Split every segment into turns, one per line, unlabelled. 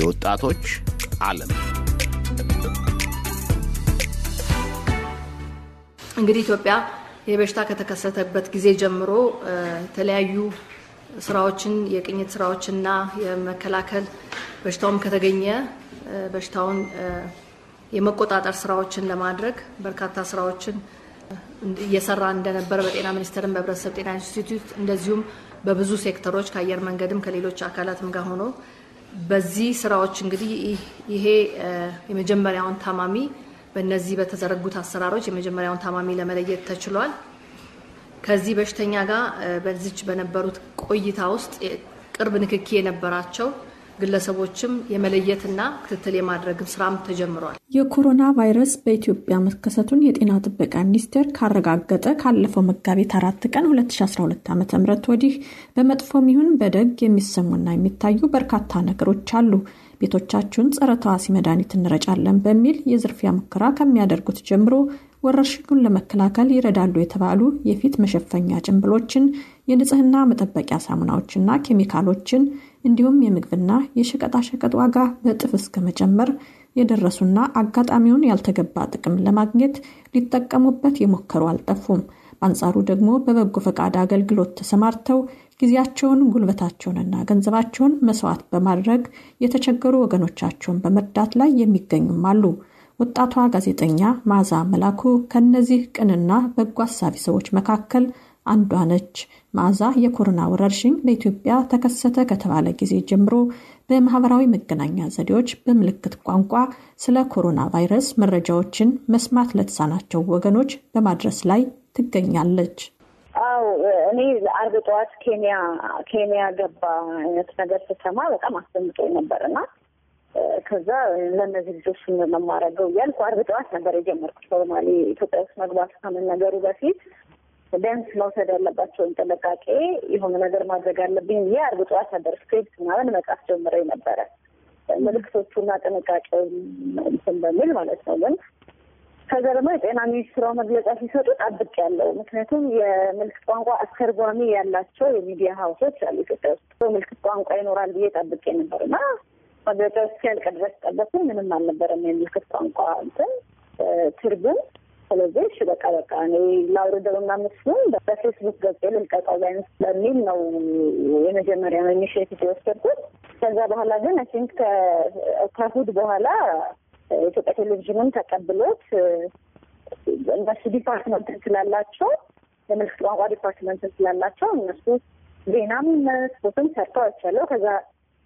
የወጣቶች ዓለም እንግዲህ ኢትዮጵያ የበሽታ ከተከሰተበት ጊዜ ጀምሮ የተለያዩ ስራዎችን የቅኝት ስራዎችና የመከላከል በሽታውም ከተገኘ በሽታውን የመቆጣጠር ስራዎችን ለማድረግ በርካታ ስራዎችን እየሰራ እንደነበረ በጤና ሚኒስቴርም በህብረተሰብ ጤና ኢንስቲትዩት እንደዚሁም በብዙ ሴክተሮች ከአየር መንገድም ከሌሎች አካላትም ጋር ሆኖ በዚህ ስራዎች እንግዲህ ይሄ የመጀመሪያውን ታማሚ በእነዚህ በተዘረጉት አሰራሮች የመጀመሪያውን ታማሚ ለመለየት ተችሏል። ከዚህ በሽተኛ ጋር በዚች በነበሩት ቆይታ ውስጥ ቅርብ ንክኪ የነበራቸው ግለሰቦችም የመለየትና ክትትል የማድረግም ስራም ተጀምሯል። የኮሮና ቫይረስ በኢትዮጵያ መከሰቱን የጤና ጥበቃ ሚኒስቴር ካረጋገጠ ካለፈው መጋቢት አራት ቀን 2012 ዓ ም ወዲህ በመጥፎም ይሁን በደግ የሚሰሙና የሚታዩ በርካታ ነገሮች አሉ። ቤቶቻችሁን ጸረ ተዋሲ መድኃኒት እንረጫለን በሚል የዝርፊያ ሙከራ ከሚያደርጉት ጀምሮ ወረርሽኙን ለመከላከል ይረዳሉ የተባሉ የፊት መሸፈኛ ጭንብሎችን፣ የንጽህና መጠበቂያ ሳሙናዎችና ኬሚካሎችን እንዲሁም የምግብና የሸቀጣሸቀጥ ዋጋ በእጥፍ እስከ መጨመር የደረሱና አጋጣሚውን ያልተገባ ጥቅም ለማግኘት ሊጠቀሙበት የሞከሩ አልጠፉም። በአንጻሩ ደግሞ በበጎ ፈቃድ አገልግሎት ተሰማርተው ጊዜያቸውን፣ ጉልበታቸውንና ገንዘባቸውን መስዋዕት በማድረግ የተቸገሩ ወገኖቻቸውን በመርዳት ላይ የሚገኙም አሉ። ወጣቷ ጋዜጠኛ መዓዛ መላኩ ከእነዚህ ቅንና በጎ አሳቢ ሰዎች መካከል አንዷ ነች። ማዛ የኮሮና ወረርሽኝ በኢትዮጵያ ተከሰተ ከተባለ ጊዜ ጀምሮ በማህበራዊ መገናኛ ዘዴዎች በምልክት ቋንቋ ስለ ኮሮና ቫይረስ መረጃዎችን መስማት ለተሳናቸው ወገኖች በማድረስ ላይ ትገኛለች።
አው እኔ ለአርብ ጠዋት ኬንያ ኬንያ ገባ አይነት ነገር ስሰማ በጣም አስደምጦ ነበር እና ከዛ ለእነዚህ ልጆች ምንድን ነው የማደርገው እያልኩ አርብ ጠዋት ነበር የጀመርኩት። ሶማሌ ኢትዮጵያ ውስጥ መግባት ከመነገሩ በፊት ቢያንስ መውሰድ ያለባቸውን ጥንቃቄ የሆነ ነገር ማድረግ አለብኝ ብዬ አርብ ጠዋት ነበር ስክሪፕት ምናምን መጽሐፍ ጀምሬ ነበረ ምልክቶቹና ጥንቃቄው እንትን በሚል ማለት ነው። ግን ከዛ ደግሞ የጤና ሚኒስትሯ መግለጫ ሲሰጡ ጠብቅ ያለው ምክንያቱም የምልክት ቋንቋ አስተርጓሚ ያላቸው የሚዲያ ሀውሶች አሉ ኢትዮጵያ ውስጥ ምልክት ቋንቋ ይኖራል ብዬ ጠብቄ ነበር እና መግለጫ እስኪያልቅ ድረስ ጠበቅኩኝ። ምንም አልነበረም የምልክት ቋንቋ እንትን ትርጉም ስለዚህ እሺ በቃ በቃ እኔ ላውርደው እና ምስሉን በፌስቡክ ገጽ ልልቀቀው ላይ በሚል ነው የመጀመሪያ ኢኒሽቲቭ የወሰድኩት። ከዛ በኋላ ግን አይ ቲንክ ከእሑድ በኋላ ኢትዮጵያ ቴሌቪዥንም ተቀብሎት እነሱ ዲፓርትመንት ስላላቸው የምልክት ቋንቋ ዲፓርትመንት ስላላቸው እነሱ ዜናም ስፖርትም ሰርተው አይቻለሁ። ከዛ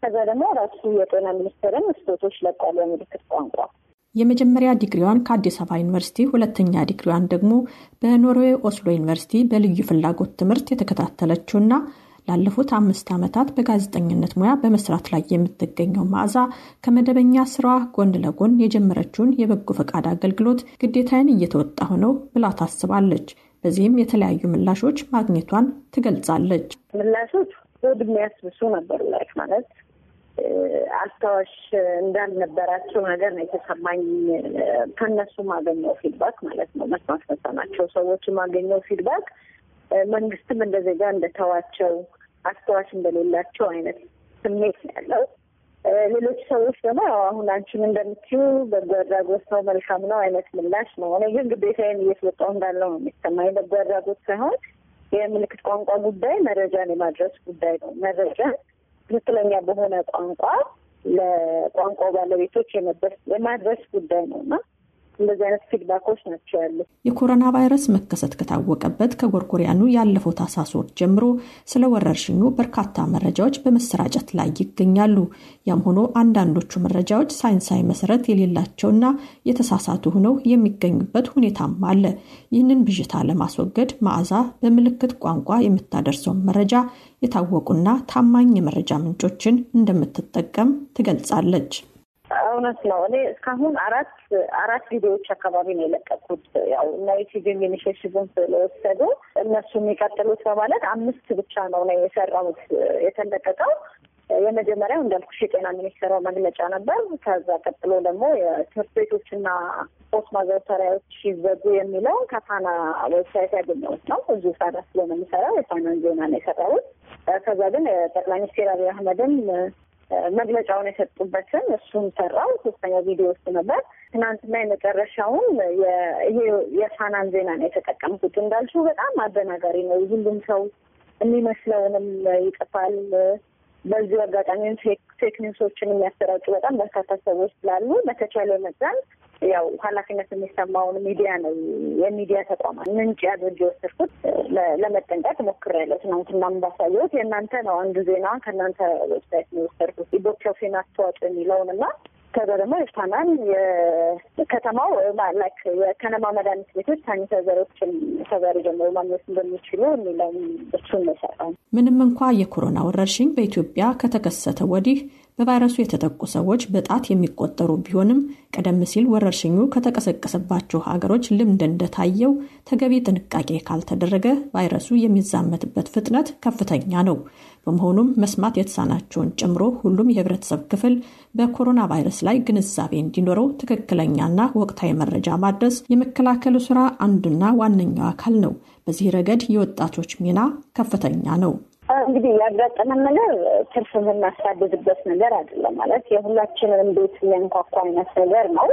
ከዛ ደግሞ ራሱ የጤና ሚኒስቴርም ስፖርቶች ለቋል የምልክት ቋንቋ
የመጀመሪያ ዲግሪዋን ከአዲስ አበባ ዩኒቨርሲቲ፣ ሁለተኛ ዲግሪዋን ደግሞ በኖርዌይ ኦስሎ ዩኒቨርሲቲ በልዩ ፍላጎት ትምህርት የተከታተለችው ና ላለፉት አምስት ዓመታት በጋዜጠኝነት ሙያ በመስራት ላይ የምትገኘው መዓዛ ከመደበኛ ስራዋ ጎን ለጎን የጀመረችውን የበጎ ፈቃድ አገልግሎት ግዴታዬን እየተወጣሁ ነው ብላ ታስባለች። በዚህም የተለያዩ ምላሾች ማግኘቷን ትገልጻለች።
ምላሾች ወድሜ የሚያስብሱ ነበሩ። ላይ ማለት አስታዋሽ እንዳልነበራቸው ነገር ነው የተሰማኝ። ከነሱ ማገኘው ፊድባክ ማለት ነው መስማት መሳናቸው ሰዎች ማገኘው ፊድባክ መንግስትም እንደ ዜጋ እንደተዋቸው አስታዋሽ እንደሌላቸው አይነት ስሜት ያለው ሌሎች ሰዎች ደግሞ አሁን አንቺም እንደምትዩ በጎ አድራጎት ነው መልካም ነው አይነት ምላሽ ነው። እኔ ግን ግዴታዬን እየተወጣሁ እንዳለው ነው የሚሰማኝ። በጎ አድራጎት ሳይሆን የምልክት ቋንቋ ጉዳይ መረጃን የማድረስ ጉዳይ ነው። መረጃ ትክክለኛ በሆነ ቋንቋ ለቋንቋው ባለቤቶች የማድረስ ጉዳይ ነው እና እንደዚህ አይነት ፊድባኮች ናቸው ያሉ።
የኮሮና ቫይረስ መከሰት ከታወቀበት ከጎርጎሪያኑ ያለፈው ታህሳስ ወር ጀምሮ ስለ ወረርሽኙ በርካታ መረጃዎች በመሰራጨት ላይ ይገኛሉ። ያም ሆኖ አንዳንዶቹ መረጃዎች ሳይንሳዊ መሰረት የሌላቸውና የተሳሳቱ ሆነው የሚገኙበት ሁኔታም አለ። ይህንን ብዥታ ለማስወገድ መዓዛ በምልክት ቋንቋ የምታደርሰውን መረጃ የታወቁና ታማኝ የመረጃ ምንጮችን እንደምትጠቀም ትገልጻለች።
እውነት ነው። እኔ እስካሁን አራት አራት ቪዲዮዎች አካባቢ ነው የለቀኩት። ያው እና ዩቲዩብ የሚኒሽሽቡን ስለወሰዱ እነሱ የሚቀጥሉት በማለት አምስት ብቻ ነው ነው የሰራሁት የተለቀቀው። የመጀመሪያው እንዳልኩሽ የጤና ሚኒስቴሯ መግለጫ ነበር። ከዛ ቀጥሎ ደግሞ የትምህርት ቤቶችና ስፖርት ማዘውተሪያዎች ሲዘጉ የሚለው ከፋና ዌብሳይት ያገኘሁት ነው። እዚሁ ፋና ስለሆነ የሚሰራው የፋናን ዜና ነው የሰራሁት። ከዛ ግን የጠቅላይ ሚኒስቴር አብይ አህመድን መግለጫውን የሰጡበትን እሱን ሰራው ሶስተኛው ቪዲዮ ውስጥ ነበር። ትናንትና የመጨረሻውን ይሄ የፋናን ዜና ነው የተጠቀምኩት። እንዳልሽው በጣም አደናጋሪ ነው። ሁሉም ሰው የሚመስለውንም ይጽፋል። በዚሁ አጋጣሚ ፌክ ኒውሶችን የሚያሰራጩ በጣም በርካታ ሰዎች ስላሉ በተቻለ መጠን ያው ኃላፊነት የሚሰማውን ሚዲያ ነው የሚዲያ ተቋማት ምንጭ አድርጌ የወሰድኩት ለመጠንቀቅ ሞክሬያለሁ። ትናንትና ባሳየሁት የእናንተ ነው አንዱ ዜና ከእናንተ ዌብሳይት ነው የወሰድኩት ኢቦፕቲን አስተዋጽኦ የሚለውን እና ከዛ ደግሞ የፋናን የከተማው ላይክ የከነማ መድኃኒት ቤቶች ሳኒታይዘሮችን ከዛሬ ጀምሮ ማግኘት እንደሚችሉ የሚለውን እሱን ነው የሰራው።
ምንም እንኳ የኮሮና ወረርሽኝ በኢትዮጵያ ከተከሰተ ወዲህ በቫይረሱ የተጠቁ ሰዎች በጣት የሚቆጠሩ ቢሆንም ቀደም ሲል ወረርሽኙ ከተቀሰቀሰባቸው ሀገሮች ልምድ እንደታየው ተገቢ ጥንቃቄ ካልተደረገ ቫይረሱ የሚዛመትበት ፍጥነት ከፍተኛ ነው። በመሆኑም መስማት የተሳናቸውን ጨምሮ ሁሉም የህብረተሰብ ክፍል በኮሮና ቫይረስ ላይ ግንዛቤ እንዲኖረው ትክክለኛና ወቅታዊ መረጃ ማድረስ የመከላከሉ ስራ አንዱና ዋነኛው አካል ነው። በዚህ ረገድ የወጣቶች ሚና ከፍተኛ ነው።
እንግዲህ ያጋጠመን ነገር ትርፍ የምናሳድድበት ነገር አይደለም። ማለት የሁላችንንም ቤት የሚያንኳኳ አይነት ነገር ነው።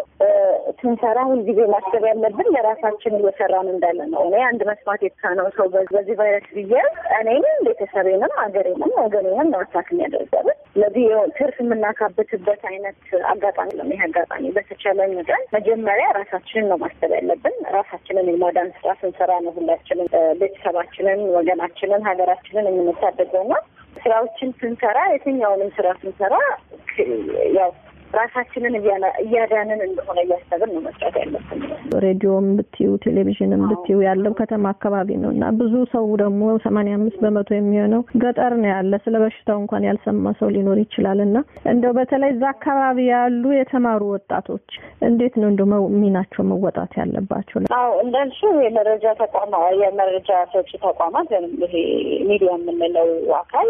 ስንሰራ ሁልጊዜ ማሰብ ያለብን ለራሳችን እየሰራን እንዳለ ነው። እኔ አንድ መስማት የተሳነው ሰው በዚህ ቫይረስ ብዬ እኔንም፣ ቤተሰቤንም አገሬንም ወገኔንም ማሳት የሚያደርገብ ስለዚህ ትርፍ የምናካብትበት አይነት አጋጣሚ ነው። ይህ አጋጣሚ በተቻለኝ መጠን መጀመሪያ ራሳችንን ነው ማሰብ ያለብን። ራሳችንን የማዳን ስራ ስንሰራ ነው ሁላችንን ቤተሰባችንን፣ ወገናችንን፣ ሀገራችንን የምንሳ ያሳደገውና ስራዎችን ስንሰራ የትኛውንም ስራ ስንሰራ ያው ራሳችንን እያዳንን እንደሆነ እያሰብን ነው መስራት ያለብን። ሬዲዮም ብትዩ ቴሌቪዥንም ብትዩ ያለው ከተማ አካባቢ ነው እና ብዙ ሰው ደግሞ ሰማንያ አምስት በመቶ የሚሆነው ገጠር ነው ያለ። ስለ በሽታው እንኳን ያልሰማ ሰው ሊኖር ይችላል እና እንደው በተለይ እዛ አካባቢ ያሉ የተማሩ ወጣቶች እንዴት ነው እንደ ሚናቸው መወጣት ያለባቸው? አዎ እንዳልሽው የመረጃ ተቋማ የመረጃ ሰጪ ተቋማት ይሄ ሚዲያ የምንለው አካል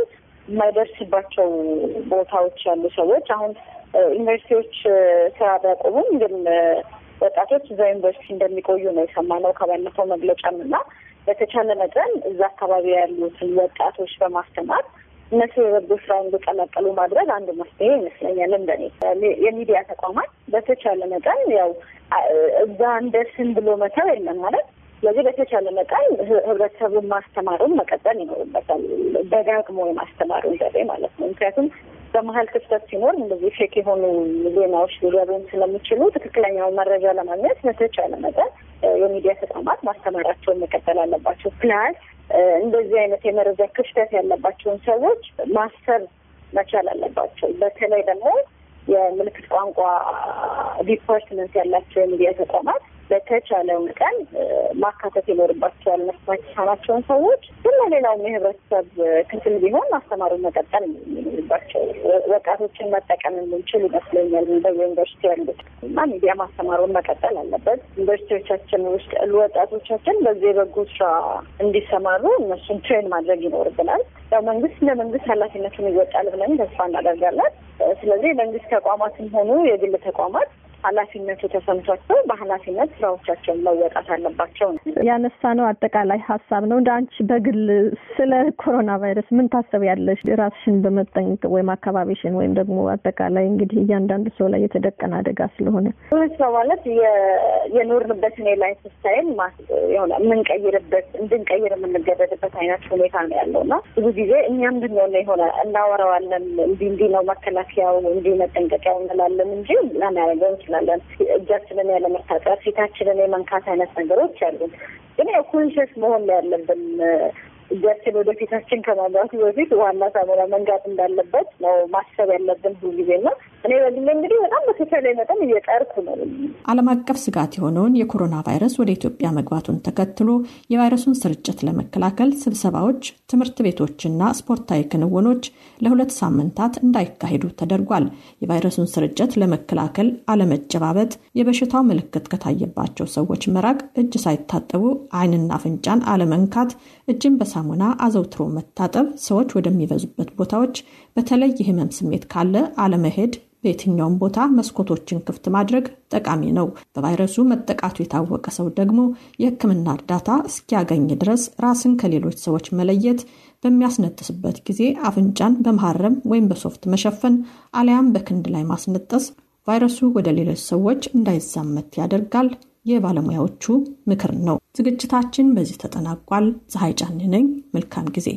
የማይደርስባቸው ቦታዎች ያሉ ሰዎች አሁን ዩኒቨርሲቲዎች ስራ ቢያቆሙም ግን ወጣቶች እዛ ዩኒቨርሲቲ እንደሚቆዩ ነው የሰማነው ከባለፈው መግለጫም እና በተቻለ መጠን እዛ አካባቢ ያሉትን ወጣቶች በማስተማር እነሱ የበጎ ስራ እንዲቀላቀሉ ማድረግ አንዱ መፍትሄ ይመስለኛል። እንደኔ የሚዲያ ተቋማት በተቻለ መጠን ያው እዛ እንደስም ብሎ መተው የለም ማለት ስለዚህ በተቻለ መጠን ህብረተሰቡን ማስተማሩን መቀጠል ይኖርበታል። ደጋግሞ የማስተማሩን ዘዴ ማለት ነው። ምክንያቱም በመሀል ክፍተት ሲኖር እንደዚህ ፌክ የሆኑ ዜናዎች ሊገቡን ስለሚችሉ ትክክለኛውን መረጃ ለማግኘት በተቻለ መጠን የሚዲያ ተቋማት ማስተማራቸውን መቀጠል አለባቸው። ፕላስ እንደዚህ አይነት የመረጃ ክፍተት ያለባቸውን ሰዎች ማሰብ መቻል አለባቸው። በተለይ ደግሞ የምልክት ቋንቋ ዲፓርትመንት ያላቸው የሚዲያ ተቋማት በተቻለ መጠን ማካተት ይኖርባቸዋል። መስማት የተሳናቸውን ሰዎች ግን ለሌላውም የህብረተሰብ ክፍል ቢሆን ማስተማሩን መቀጠል የሚባቸው ወጣቶችን መጠቀም የምንችል ይመስለኛል። በዩኒቨርሲቲ ያሉት እና ሚዲያ ማስተማሩን መቀጠል አለበት። ዩኒቨርሲቲዎቻችን ውስጥ ያሉ ወጣቶቻችን በዚህ የበጎ ስራ እንዲሰማሩ እነሱን ትሬን ማድረግ ይኖርብናል። ያው መንግስት እንደ መንግስት ኃላፊነቱን ይወጣል ብለን ተስፋ እናደርጋለን። ስለዚህ የመንግስት ተቋማትም ሆኑ የግል ተቋማት ኃላፊነቱ ተሰምቷቸው በኃላፊነት ስራዎቻቸውን መወጣት አለባቸው ነው ያነሳ ነው። አጠቃላይ ሀሳብ ነው። እንደ አንቺ በግል ስለ ኮሮና ቫይረስ ምን ታስቢያለሽ? ራስሽን በመጠንቅ ወይም አካባቢሽን ወይም ደግሞ አጠቃላይ እንግዲህ እያንዳንዱ ሰው ላይ የተደቀነ አደጋ ስለሆነ ሰው ማለት የኖርንበት የኖርንበትን ላይ ስታይል የሆነ የምንቀይርበት እንድንቀይር የምንገደድበት አይነት ሁኔታ ነው ያለው እና ብዙ ጊዜ እኛም ብንሆነ የሆነ እናወረዋለን እንዲህ እንዲህ ነው መከላከያው እንዲህ መጠንቀቂያው እንላለን እንጂ ላናደርገው እንችላለን እንችላለን። እጃችንን ያለመታጠር፣ ፊታችንን የመንካት አይነት ነገሮች አሉ። ግን ያው ኮንሽስ መሆን ላይ ያለብን እጃችን ወደ ፊታችን ከማምራቱ በፊት ዋና ሳሙና መንጋት እንዳለበት ነው ማሰብ ያለብን ሁልጊዜ ነው። እኔ በግሌ እንግዲህ በጣም በተቻለ መጠን እየጠርኩ ነው።
ዓለም አቀፍ ስጋት የሆነውን የኮሮና ቫይረስ ወደ ኢትዮጵያ መግባቱን ተከትሎ የቫይረሱን ስርጭት ለመከላከል ስብሰባዎች፣ ትምህርት ቤቶችና ስፖርታዊ ክንውኖች ለሁለት ሳምንታት እንዳይካሄዱ ተደርጓል። የቫይረሱን ስርጭት ለመከላከል አለመጨባበጥ፣ የበሽታው ምልክት ከታየባቸው ሰዎች መራቅ፣ እጅ ሳይታጠቡ አይንና አፍንጫን አለመንካት፣ እጅን በሳሙና አዘውትሮ መታጠብ፣ ሰዎች ወደሚበዙበት ቦታዎች በተለይ የህመም ስሜት ካለ አለመሄድ፣ በየትኛውም ቦታ መስኮቶችን ክፍት ማድረግ ጠቃሚ ነው። በቫይረሱ መጠቃቱ የታወቀ ሰው ደግሞ የህክምና እርዳታ እስኪያገኝ ድረስ ራስን ከሌሎች ሰዎች መለየት፣ በሚያስነጥስበት ጊዜ አፍንጫን በመሀረም ወይም በሶፍት መሸፈን አሊያም በክንድ ላይ ማስነጠስ ቫይረሱ ወደ ሌሎች ሰዎች እንዳይዛመት ያደርጋል። የባለሙያዎቹ ምክር ነው። ዝግጅታችን በዚህ ተጠናቋል። ፀሐይ ጫን ነኝ። መልካም ጊዜ